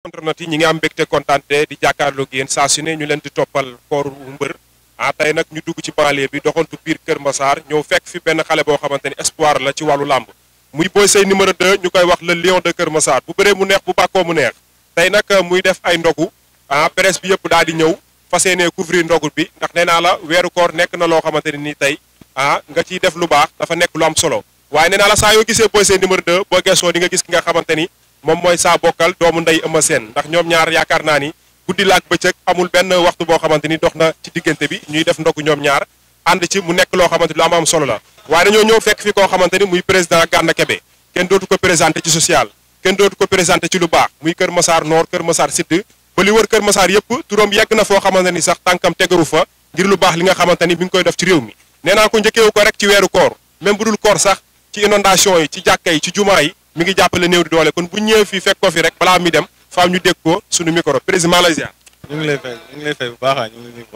internet ñi ngi am bekté kontante di jakarlo ak yéen saa su ñu leen di toppal kooru mbër a ah, tay nak ñu dugg ci balé bi doxantu bir Kër Massar ñoo fekk fi ben xalé bo xamanteni espoir la ci walu lamb muy Boy Seye numéro 2 ñukay wax le lion de Kër Massar bu béré mu neex bu bako mu neex tay nak euh, muy def ay ndogu a ah, presse bi yépp daal di ñew fas yéenee couvrir ndogu bi ndax néna la wéru koor nekk na lo xamanteni ni tay a ah, nga ci def lu baax dafa nekk lu am solo waye néna la sa yo gisé Boy Seye numéro 2 bo gesso di nga gis ki nga xamanteni moom mooy saa bokkal doomu ndey Eumeu Sène ndax ñoom ñaar yaakaar naa ni guddi laak bëccëg amul benn waxtu boo xamante ni dox na ci diggante bi ñuy def ndogu ñoom ñaar ànd ci mu nekk loo xamante lu am am solo la waaye dañoo ñëw fekk fi koo xamante ni muy président Gana Kebe kenn dootu ko présenté ci social kenn dootu ko présenté ci lu baax muy Kër masaar noor Kër Massar Sud ba li wër Kër Massar yëpp turam yegg na foo xamante ni sax tànkam tegaru fa ngir lu baax li nga xamante ni mi ngi koy def ci réew mi nee ko njëkkeewu ko rek ci weeru koor même bu dul sax ci inondation yi ci jàkka yi ci jumaa yi mi ngi jàppale néew di doole kon bu ñëwee fii fekk ko fi rek balaa mi dem faaw ñu dégg ko suñu micro président lay ziar. ñu ngi lay ñu bu baax a ñu ngi ngi ci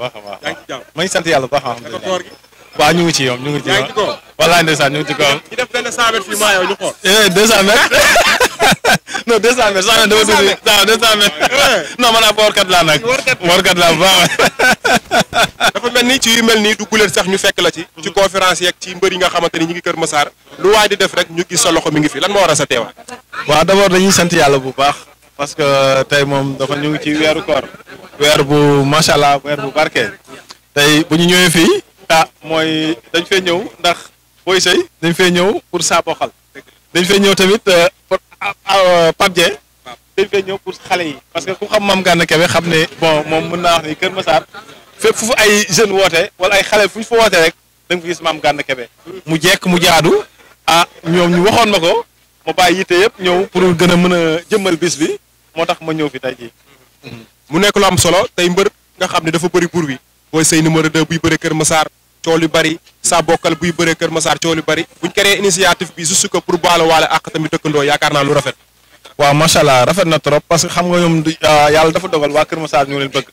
jàmm sant yàlla bu baax ñu ngi ci yow ñu ngi ci yow. yaa ngi ci kaw walaay ndeysaan ñu ngi ci kaw. ñu def benn 100 mètres fii maa yow eh, man ab ah, warkat laa nag. warkat laa bu baax melni ci yu melni du guléet sax ñu fekk la ci ci mhm. conférence yak ci mbër yi nga xamanteni ñi ngi Kër Massar lu way di def rek ñu gis sa loxo mi ngi fi lan mo wara sa téwa wa d'abord dañuy sant yalla bu baax parce que tay mom dafa ñu ngi ci wéru koor wér bu macha allah weer bu barké tay bu ñu ñëwé fi ah moy dañ fay ñëw ndax boy sey dañ fay ñëw pour saabo xal dañ fay ñëw tamit euh, ah, euh, papje dañ fay ñëw pour xalé yi parce que ku xam mam Gana Kébé xamné bon mom mëna wax ni Kër Massar fépp fu ay jeune woote wala ay xale fu ñu fa woote rek da nga fa gis maam Gana Kebe mu jekk mu jaadu ah ñoom ñu waxoon ma ko ma bàyyi yitte yëpp ñëw pour gën a mën a jëmmal bis bi moo tax ma ñëw fi tey jii. mu nekk lu am solo tey mbër nga xam ni dafa bëri pour bi booy say numéro 2 buy bëre Kër Massar coow lu bari sa bokkal buy bëre Kër Massar coow lu bari buñ créé initiative bi juste que pour baalo waale ak tamit dëkkandoo yaakaar naa lu rafet. waaw macha allah rafet na trop parce que xam nga ñoom ah, yàlla dafa dogal waa Kër Massar ñoo leen bëgg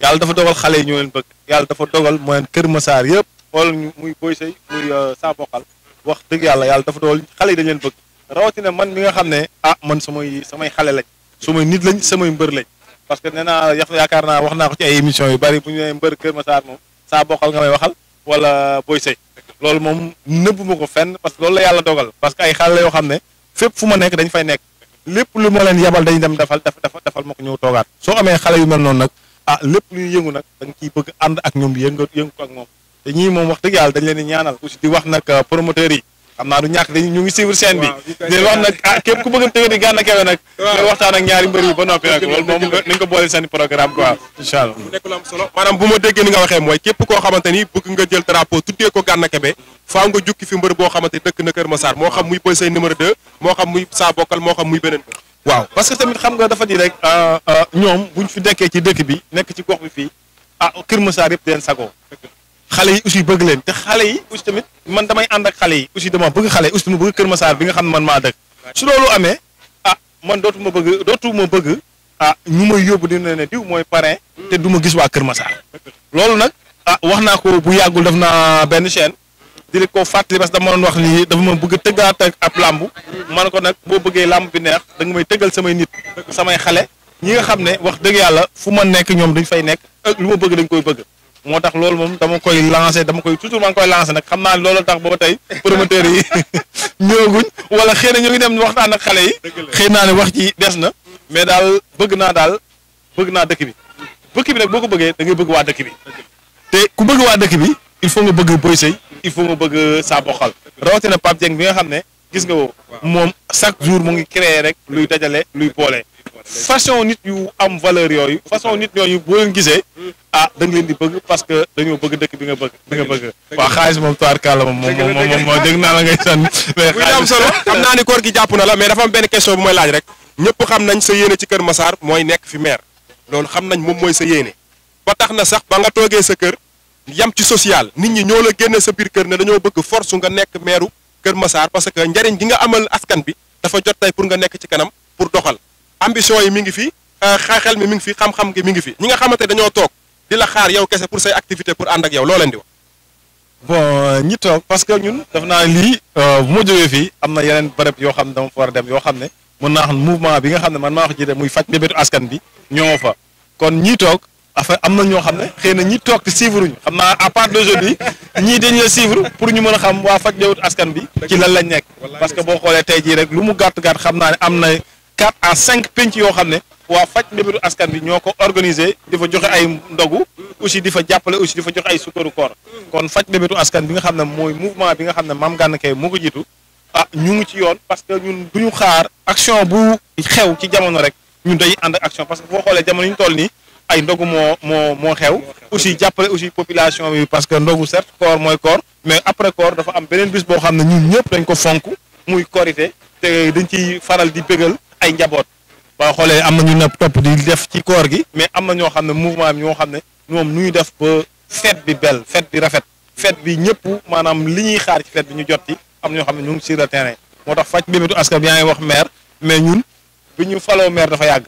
yàlla dafa dogal xale yi ñu leen bëgg yàlla dafa dogal mooy Kër Masaar yëpp xool muy Boy Sey muy euh, saa bokkal wax dëgg yàlla yàlla dafa dogal xale yi dañ leen bëgg rawatina man mi nga xam ne ah man samay samay xale lañ samay nit lañ samay mbër lañ parce que nee naa yax yaakaar naa wax naa ko ci ay émission yu bari bu ñu nee mbër Kër Masaar moom saa bokkal nga may waxal wala Boy Sey loolu moom nëbb ma ko fenn parce que loolu la yàlla dogal parce que ay xale la yoo xam ne fépp fu ma nekk dañ fay nekk lépp lu ma leen yabal dañ dem defal defal defal ma ko ñëw toogaat soo amee xale yu mel noonu nag ah lépp lu ñu yëngu nag da nga bëgg ànd ak ñoom yëngu ko ak moom te ñii moom wax dëgg yàlla dañ leen di ñaanal aussi di wax nag ah, promoteurs yi xam naa du ñàkk dañ ñu ngi suivre scène bi di wax nag ah képp ko boole seen nga mooy képp koo xamante ni bëgg nga jël drapeau tuddee ko Gana Kebe faaw nga jukki fi mbër boo xamante dëkk na Kër moo xam muy Boy Seye numéro 2 moo xam muy saa bokkal moo xam muy beneen waaw parce que tamit xam nga dafa di rek euh, euh, ñoom buñ fi dekkee ci dëkk bi nekk ci gox bi fii ah Kër Massar yëpp di leen sagoo xale yi aussi bëgg leen te xale yi aussi tamit man damay ànd ak xale yi aussi dama bëgg xale yi aussi bëgg Kër Massar bi nga xam ne man maa dëkk su loolu amee ah man dootu ma bëgg dootu ma bëgg ah ñu may yóbbu dina ne diw mooy parrain te du ma gis waa Kër Massar loolu nag ah wax naa ko bu yàggul def naa benn chaîne di rek ko fàttali parce que dama doon wax ni dafa ma bëgg a tëggaat ak ab làmb man ko nag boo bëggee làmb bi neex danga nga may tëggal samay nit samay xale ñi nga xam ne wax dëgg yàlla fu ma nekk ñoom dañ fay nekk ak lu ma bëgg dañ koy bëgg moo tax loolu moom dama koy lancé dama koy toujours maa ngi koy lancé nag xam naa ne loolu tax booba tey promoteur yi ñëwaguñ wala xëy na ñu ngi dem waxtaan ak xale yi xëy naa ne wax ji des na mais daal bëgg naa daal bëgg naa dëkk bi bëkk bi nag boo ko bëggee da ngay bëgg waa dëkk bi te ku bëgg waa dëkk bi il faut nga bëgg Boy Seye il faut nga bëgg saa Xal rawatina Pape Dieng bi nga xam ne gis nga woo moom chaque jour mu ngi créer rek luy dajale luy boole façon nit yu am valeur yooyu façon nit yooyu boo leen gisee ah da nga leen di bëgg parce que dañoo bëgg dëkk bi nga bëgg bi nga bëgg waaw xaalis moom toir kàlla moom moom moom moom dégg naa la ngay sànni mais xaalis am naa ni koor gi jàpp na la mais dafa am benn question bu may laaj rek ñëpp sa yéene ci Kër Massar mooy nekk fi loolu xam nañ moom mooy sa yéene ba tax na sax ba nga toogee sa kër yam ci social nit ñi ñoo la génne sa biir kër ne dañoo bëgg force nga nekk meeru kër massar parce que njariñ gi nga amal askan bi dafa jot tay pour nga nekk ci kanam pour doxal ambition yi mi ngi fi euh, xaxel mi mi ngi fi xam-xam gi mi ngi fi ñi nga xamante dañoo toog di la xaar yow kese pour say activité pour and ak yow di wax bon ñi toog parce que ñun def naa lii euh, bu ma jógee fii am na yeneen bërëb xam ne dama fa dem yoo xam ne mën naa xam mouvement bi nga xam ne man maa ci dem muy faj bébétu askan bi ñoo fa kon ñi toog affaire am na ñoo xam ne xëy na ñi toog te suivre ñu xam naa à part d'aujourd'hui ñii dañ la suivre pour ñu mën a xam waa faj jawut askan bi ci lan lañ nekk parce que boo xoolee tey jii rek lu mu gàtt-gàtt xam naa ne am na quatre à cinq pénc yoo xam ne waa faj mbébétu askan bi ñoo ko organisé di fa joxe ay ndogu aussi di fa jàppale aussi di fa joxe ay sukkaru koor kon faj mbébétu askan bi nga xam ne mooy mouvement bi nga xam ne maam Gana Kaye moo ko jiitu ah ñu parce que ñun duñu xaar action bu xew ci jamono rek ñun day ànd action parce que boo xoolee jamono ñu toll nii ay ndogu moo moo moo xew aussi jàppale aussi population bi parce que ndogu certes koor mooy koor mais après koor dafa am beneen bis boo xam ne ñun ñëpp dañ ko fonk muy korité te dañ ci faral di bégal ay njaboot ba xoolee am na ñu nepp topp di def ci koor gi mais am na ñoo xam ne mouvement bi ñoo xam ne ñoom nu ñu def ba fête bi bel fête bi rafet fête bi ñëpp maanaam li ñuy xaar ci fête bi ñu jot ci am na ñoo xam ne ñu ngi sur le terrain moo tax faj mbébétu askan bi yaa ngi wax maire mais ñun bi ñu faloo maire dafa yàgg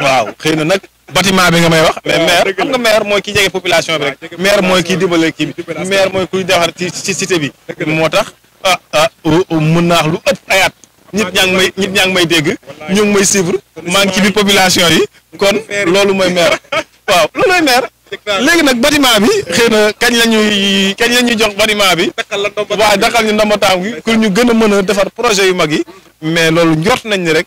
waaw xëy na nag bâtiment bi nga may wax mais maire xam nga maire mooy ki jege population bi rek maire mooy ki dimbale kii bi maire mooy kuy defar ci ci cité bi moo tax ah ah oh, oh, mën naa wax lu ëpp ay at nit ñaa ngi may nit ñaa ngi may dégg ñu ngi may suivre maa ngi ci biir population yi kon loolu mooy maire waaw loolu mooy maire léegi nag bâtiment bi xëy na kañ la ñuy kañ la ñuy jox bâtiment bi waaye daxal ñu ndomba taam gi pour ñu gën a mën a defar projet yu mag yi mais loolu njort nañ ni rek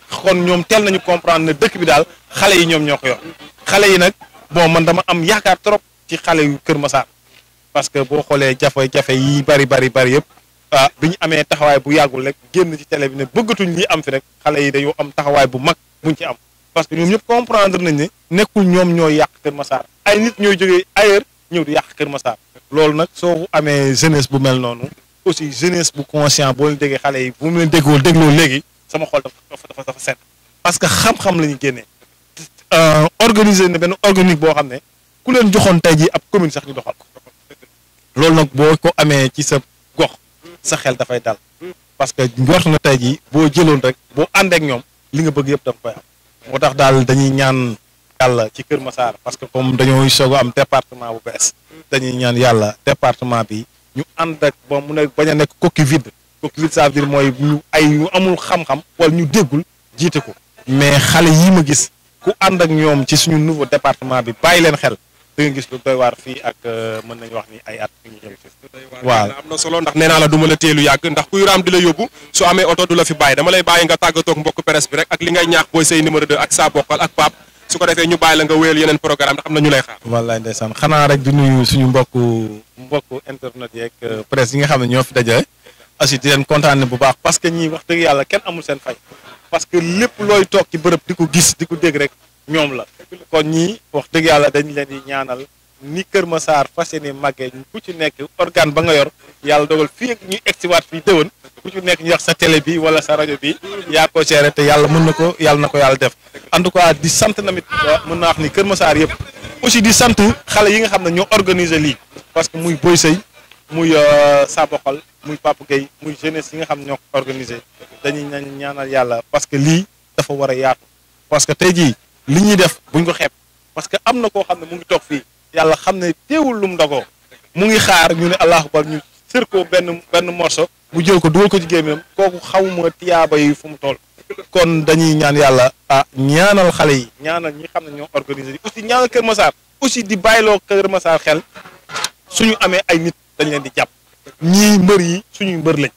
kon ñoom teel nañu comprendre ne dëkk bi daal xale yi ñoom ñoo ko yor xale yi nag boo man dama am yaakaar trop ci xale yu Kër Massar parce que boo xoolee jafe-jafe yi bari bari bari yëpp ah bi ñu amee taxawaay bu yàggul rek génn ci télé bi ne bëggatuñ li am fi rek xale yi dañoo am taxawaay bu mag buñ ci am parce que ñoom ñëpp comprendre nañ ne nekkul ñoom ñooy yàq Kër Massar ay nit ñooy jógee ailleurs ñëw di yàq Kër Massar loolu nag soo amee jeunesse bu mel noonu aussi jeunesse bu conscient boo leen xale yi bu mu leen léegi sama xol dafa dafa set parce que xam-xam la ñu euh, organiser na benn organique boo xam ne ku leen joxoon tey ji ab commune sax ñu doxal ko loolu nag boo ko amee ci sa gox sa xel dafay dal parce que njort na tey ji boo jëloon rek boo àndeek ñoom li nga bëgg yëpp da koy am moo tax daal dañuy ñaan yàlla ci Kër Massar parce que comme dañooy soog am département bu bees dañuy ñaan yàlla département bi ñu ànd ak ba mu nekk bañ a nekk coquille vide coqueville ça veut dire mooy ñu ay ñu amul xam-xam wala ñu déggul jiite ko mais xale yi ma gis ku andang ak ñoom ci suñu nouveau département bi bàyyi leen xel da nga gis lu doy ak euh, mën nañu wax ni ay at ñu jëm ci waaw am na solo ndax nee la du la teelu yàgg ndax kuy raam di la yóbbu su amee fi bàyyi dama lay bàyyi nga tàggatoog mbokk presse bi rek ak li ngay ñaax booy say numéro 2 ak saa bokkal ak pap su ko defee ñu bàyyi la nga wéyal yeneen programme ndax am na ñu lay xaar wallaay ndeysaan xanaa rek di nuyu suñu mbokk mbokk internet yeeg euh, presse yi nga ñoo fi aussi di leen kontaane bu baax parce que ñii wax dëgg yàlla kenn amul seen fay parce que lépp looy toog ci bërëb di ko gis di ko dégg rek ñoom la kon ñii wax dëgg yàlla dañ leen di ñaanal ni Kër Massar fas yéene màggee ku ci nekk organe ba nga yor yàlla dogal fi ak ñu egsiwaat fii déwén ku ci nekk ñu wax sa télé bi wala sa rajo bi yaa ko géré te yàlla mën na ko yàlla na ko yàlla def en tout cas di sant namit mën na wax ni Kër ma saar yëpp aussi di sant xale yi nga xam ne ñoo organiser lii parce muy euh, Sabokal muy Papa Gueye muy jeunesse yi nga xam ne ñoo ko organisé dañuy ñaanal yàlla parce que lii dafa war a yaatu parce que tey jii li ñuy def buñ ko xeeb parce que am na ko xam ne mu ngi toog fii yàlla xam ne teewul lu mu dogoo mu ngi xaar ñu ne allahu akbar ñu sër ko benn benn morso mu jël ko dugal ko ci gémmiñam kooku xamuma tiyaaba yi fu mu tool kon dañuy ñaan yàlla ah ñaanal xale yi ñaanal ñi xam ne ñoo organisé aussi ñaanal Kër Massar aussi di bàyyiloo Kër Massar xel suñu amee ay nit dañ leen di jàpp ñii mbër yi suñuy mbër lañ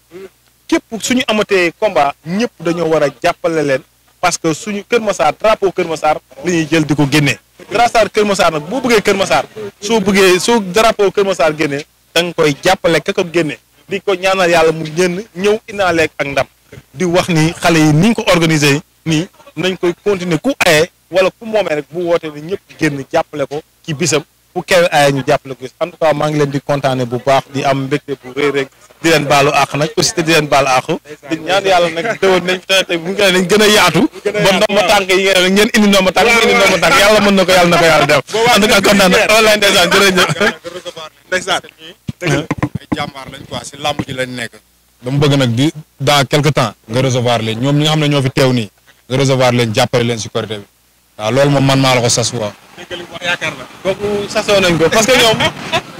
képp suñu amatee combat ñëpp dañoo war a jàppale leen parce que suñu Kër Massar drapeau Kër Massar la ñuy jël di ko génnee drapeau Kër Massar nag boo bëggee Kër Massar soo bëggee soo drapeau Kër Massar génnee da nga koy jàppale ka ko génnee di ko ñaanal yàlla mu génn ñëw indaaleeg ak ndam di wax ni xale yi ni ko organisé nii nañ koy continuer ku aye wala ku moomee rek bu wootee ne ñëpp génn jàppale ko ci bisam bu kew ay eh, ñu jàppale ko en tout cas ma ngi leen di kontaane bu baax di am mbégte bu rëy rek di leen balu ak nak aussi di leen bal ak di ñaan yalla nak déwén nañ te te bu ngeen leen gëna yaatu ba ndoom ma tànk yi ngeen ngeen indi ndoom ma tànk indi ndoom ma tànk yàlla mën nako yalla nako yalla def en tout cas kontaan nag online ndeysaan jërëjëf ndeysaan ay jambar lañ quoi ci lamb ji lañ nekk dama bëgg nak di dans quelque temps nga recevoir leen ñom ñi nga xamne ñofi tew ni nga recevoir leen jappale leen si korité bi waaw lool moom man ma la ko sass wa yaakaar la nañ ko parce que ñoom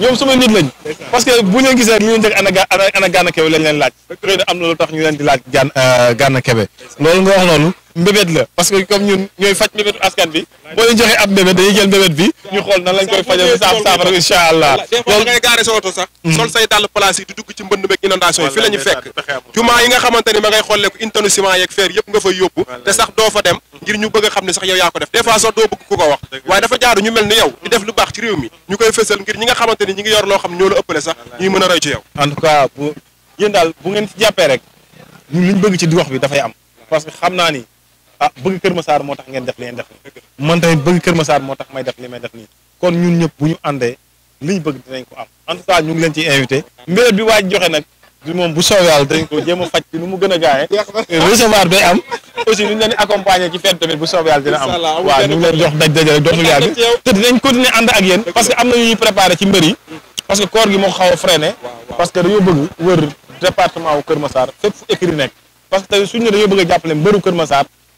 ñoom suma nit lañ parce que bu ñu gisee li ñu njëkk ana ana ana lañ leen laaj xëy am na lu tax ñu leen di laaj Gana euh, Gana Kebe loolu nga wax noonu mbébét la parce que comme ñun ñoy fajj mbébétu askan bi bo leen joxee ab mbébét dañuy jël mbébét bi ñu xol nan lañ koy fajjal sa sa incha allah do nga garé sa auto sax hmm. sol say dal place yi di dugg ci mbënd meeg inondation fi lañu fekk juma yi nga xamanteni ma ngay xolé ko une tonne ciment yeeg fer yëpp nga fa yobbu te sax do fa dem ngir ñu bëgg xamni sax yow ya ko def des fois sax do bëgg ku ko wax way dafa jaaru ñu melni yow di def lu baax ci réew mi ñu koy fësal ngir ñi nga xamanteni ñi ngi yor lo xam ñoo la ëppalé sax ñi mëna roy ci yow en tout cas bu yéen bu ngeen ci jappé rek ñu liñ bëgg ci wax bi fay am parce que xamna ni ah bëgg Kër Massar moo tax ngeen def li def nii man tamit bëgg tax may def li may def nii kon ñun ñëpp bu ñu àndee liñ bëgg dinañ ko am en tout cas leen ciy invité mbir bi waaj joxe nag du moom bu soobee yàlla dañ ko jéem a faj dina am waaw ñu leen jox daj daj rek dootul yàgg te dinañ continuer ànd ak yéen parce que am na ñuy préparé ci mbër parce que koor gi moo xaw a freiné parce que dañoo bëgg wër département wu Kër Massar fépp fu écrit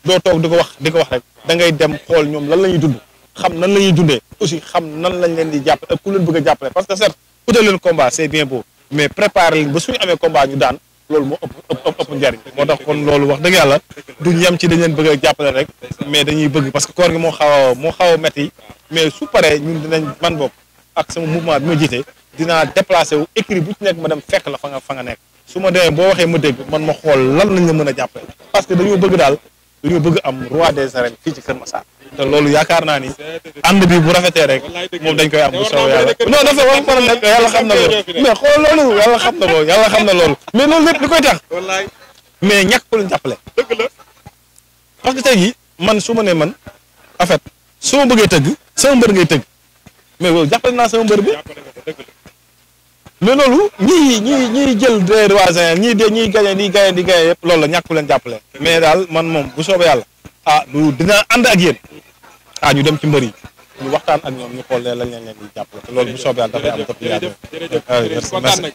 doo toog di ko wax di ko wax rek da ngay dem xool ñoom lan la ñuy dund xam nan la ñuy dundee aussi xam nan lañ leen di jàppale ak ku leen bëgg jàppale parce que certes utal leen combat c'est bien beau mais préparer leen ba suñu amee combat moo ëpp ëpp wax dëgg yàlla duñ yem ci dañ leen bëgg a jàppale rek mais dañuy bëgg parce que koor moo a moo xaw a métti mais su paree dinañ man bokk ak sama mouvement bi ma jiite dinaa déplacé wu écrit bu ci fekk la fa nga fa nga nekk su ma demee boo waxee ma dégg man ma xool lan lañ la mën a jàppale parce que bëgg daal dañoo bëgg am roi des arènes fii ci Kër massa te loolu yaakaar naa ni ànd bi bu rafetee rek moom dañ koy am bu soobee yàlla non dafa wax a nekk yàlla xam na loolu mais xool loolu yàlla xam na loolu yàlla xam na loolu mais loolu lépp li koy tax mais ñàkk ko leen jàppale dëgg la parce que tey jii man su ma nee man en fait su ma bëggee tëgg sama mbër ngay tëgg mais loolu jàppale naa sama mbër bi mais loolu ñii ñii ñiy jël des voisins ñii de ñiy gañe di gañe di gañe yëpp loolu la ñàkku leen jàppale mais daal man moom bu soobee yàlla ah du dina ànd ak yéen ah ñu dem ci mbër yi ñu waxtaan ak ñoom ñu xool leen lañ leen leen di jàppale te loolu bu soobee yàlla dafay am topp yaatu ah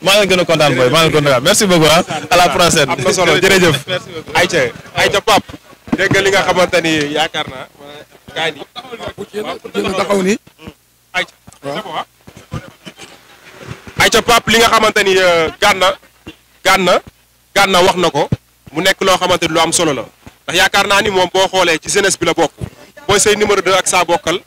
maa ngi gën a kontaan booy maa ngi gën a merci beaucoup ah à la prochaine am na solo jërëjëf ayca ayca pap dégg li nga xamante ni yaakaar naa gaa taxaw ni ay ca pap li nga xamanteni euh, ganna ganna ganna wax nako mu nek lo xamanteni lu am solo la ndax yaakaar naa ni mom bo xoolee ci jeunesse bi la bok Boy Seye numéro 2 ak sa bokal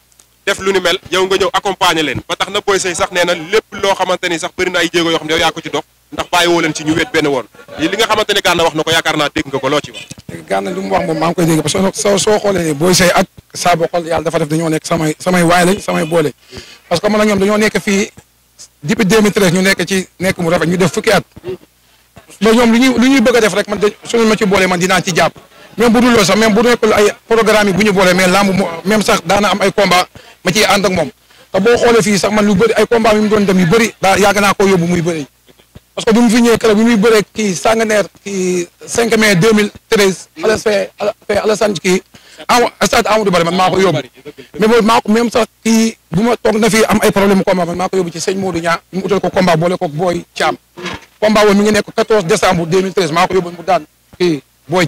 def lu ni mel yow nga ñew accompagner len ba tax na Boy Seye sax neena lepp lo xamanteni sax bari na ay jéego yo xam ne yow ya ko ci dox ndax bàyyi wo len ci ñu wéet benn woon li nga xamanteni ganna wax nako ko yaakaar naa nga ko lo ci wax ganna lu mu wax mom ma ngi koy deg parce que soo soo Boy Seye ak sa bokal yalla dafa def dañu nek samay samay way lañ samay bolé parce que man ak ñom dañu nek fi depuis 2013 ñu nekk ci nekk mu rafet ñu def fukki at ba ñoom lu ñuy lu ñuy bëgg a def rek man de suñu ma ci boole man dinaa ci jàpp même bu dul sax même bu nekkul ay programme yi bu ñu boole mais làmb même sax daana am ay combat ma ciy ànd ak moom te boo xoolee fii sax man lu bëri ay combat mi mu doon dem yu bëri daa yàgg naa koo yóbbu muy bëri parce que bi mu fi ñëwee keroog bi muy bëree kii sanganeer kii 5 mai 2013 ala fee ala fee sant kii ama stade Amadou Barry man maa ko yóbbu mais boobu maa sax kii bu ma toog na fi am ay problème mu man maa ko yóbbu ci sëñ Modou Niang ko combat boole ko Boy Thiam combat boobu mi ngi nekk 14 décembre 2013 maa mu daan kii Boy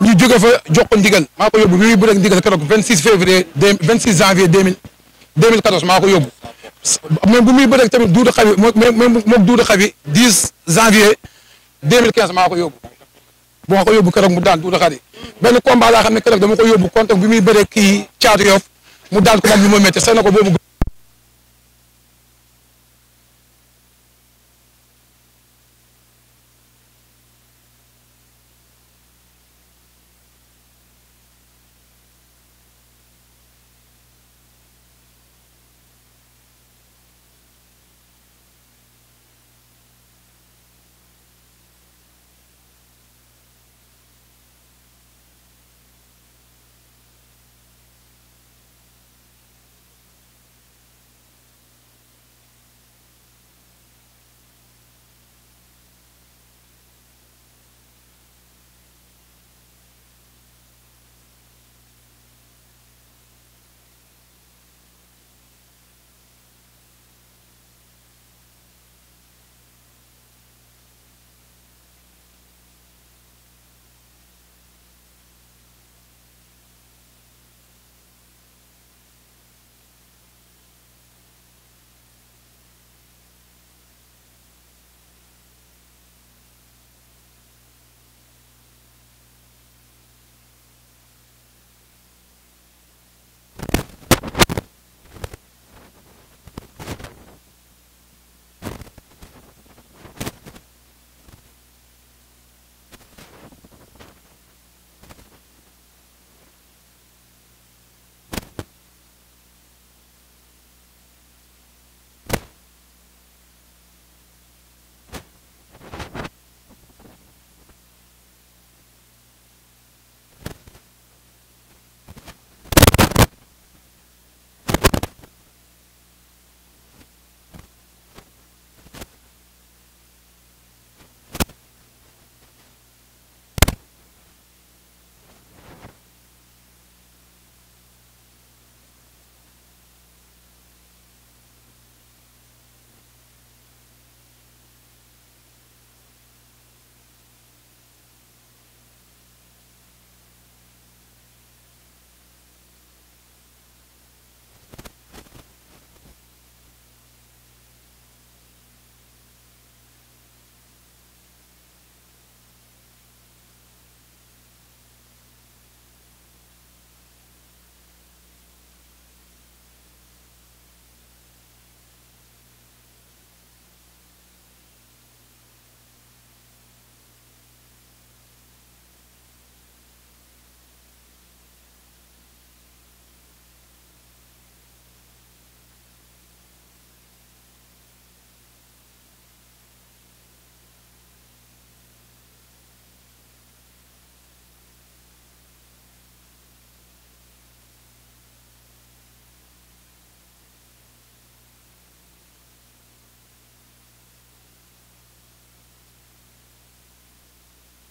ndigal maa ko yóbbu ñuy bëre ak janvier 2000 2014 maa ko yóbbu même bu muy bëre ak tamit duudu xabi même même moog duudu janvier 2015 maa ko yóbbu boo ko yóbbu keroog mu daan duudu xabi benn combat laa xam ne keroog dama ko yóbbu contact bi muy bëree kii caatu mu daan ko moom li ma na ko boobu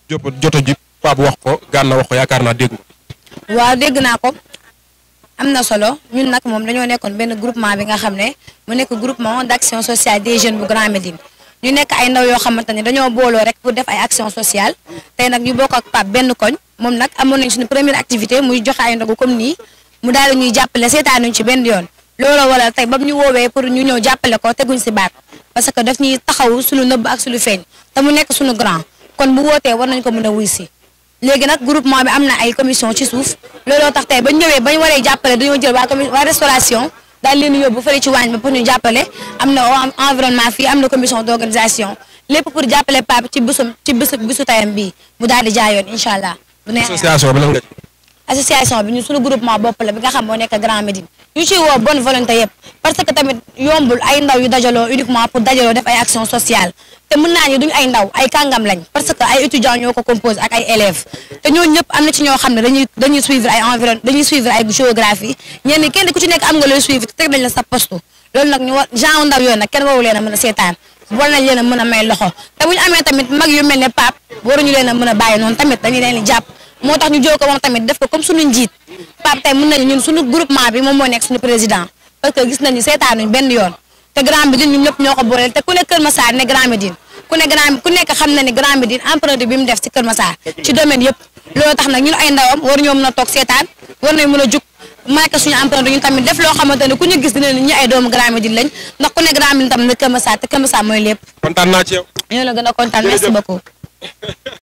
joto ji Pape wax ko Gana wax ko yaakaar naa dégg nga. waaw dégg naa ko am na solo ñun nag moom dañoo nekkoon benn groupement bi nga xam ne mu nekk groupement d'action sociale des jeunes bu Grand Médine ñu nekk ay ndaw yoo xamante ne dañoo booloo rek pour def ay action sociale tey nag ñu boo ko Pape benn koñ moom nag amoon nañ suñu première activité muy joxe ay ko comme nii mu daal ñuy jàppale seetaanuñ ci benn yoon looloo waral tey ba ñu woowee pour ñu ñëw jàppale ko teguñ si baat parce que daf ñuy taxaw suñu nëbb ak suñu feeñ te mu nekk suñu grand. kon bu wootee war nañ ko mën a wuy si léegi nag groupement bi am na ay commission ci suuf looloo tax tey bañ ñëwee bañ waree jàppale dañoo jël waa commission waa restauration daal leen yóbbu fële ci waañ ba pour ñu jàppale am na environnement fii am na commission d'organisation lépp pour jàppale Pape ci bésum ci bésu bésu tayam bii mu daal di jaayoon incha allah. bu neexee association bi lan association bi ñu suñu groupement bopp la bi nga xam moo nekk Grand Médine ñu ciy woo bonne volonté yëpp parce que tamit yombul ay ndaw yu dajaloo uniquement pour dajaloo def ay action sociale te mën naa ni duñ ay ndaw ay kàngam lañ parce que ay étudiants ñoo ko compose ak ay élèves te ñooñu ñëpp am na ci ñoo xam ne dañuy dañuy suivre ay environ dañuy suivre ay géographie ñenn kenn ku ci nekk am nga looy suivre te nañ la sa poste loolu nag ñu war ndaw yooyu a mën a a mën a may loxo te bu ñu amee leen bàyyi noonu tamit dañuy leen di jàpp moo tax ñu jël ko moom tamit def ko comme suñu njiit Pape tey mën nañu ñun suñu groupement bi moom moo nekk suñu président parce que gis nañu seetaanuñ benn yoon te Grand Médine ñun ñëpp ñoo ko booleel ku nekk xam na ne Grand Médine empreinte bi mu def ci Kër Massar ci domaine yëpp loolu tax nag ñun ay war a mën a jug marqué suñu empreinte ñun tamit def loo xamante ne ku gis dina ne ñu ay doomu Grand Médine lañ ndax ku ne Grand Médine tam te Kër mooy lépp. kontaan naa la gën a kontaan merci beaucoup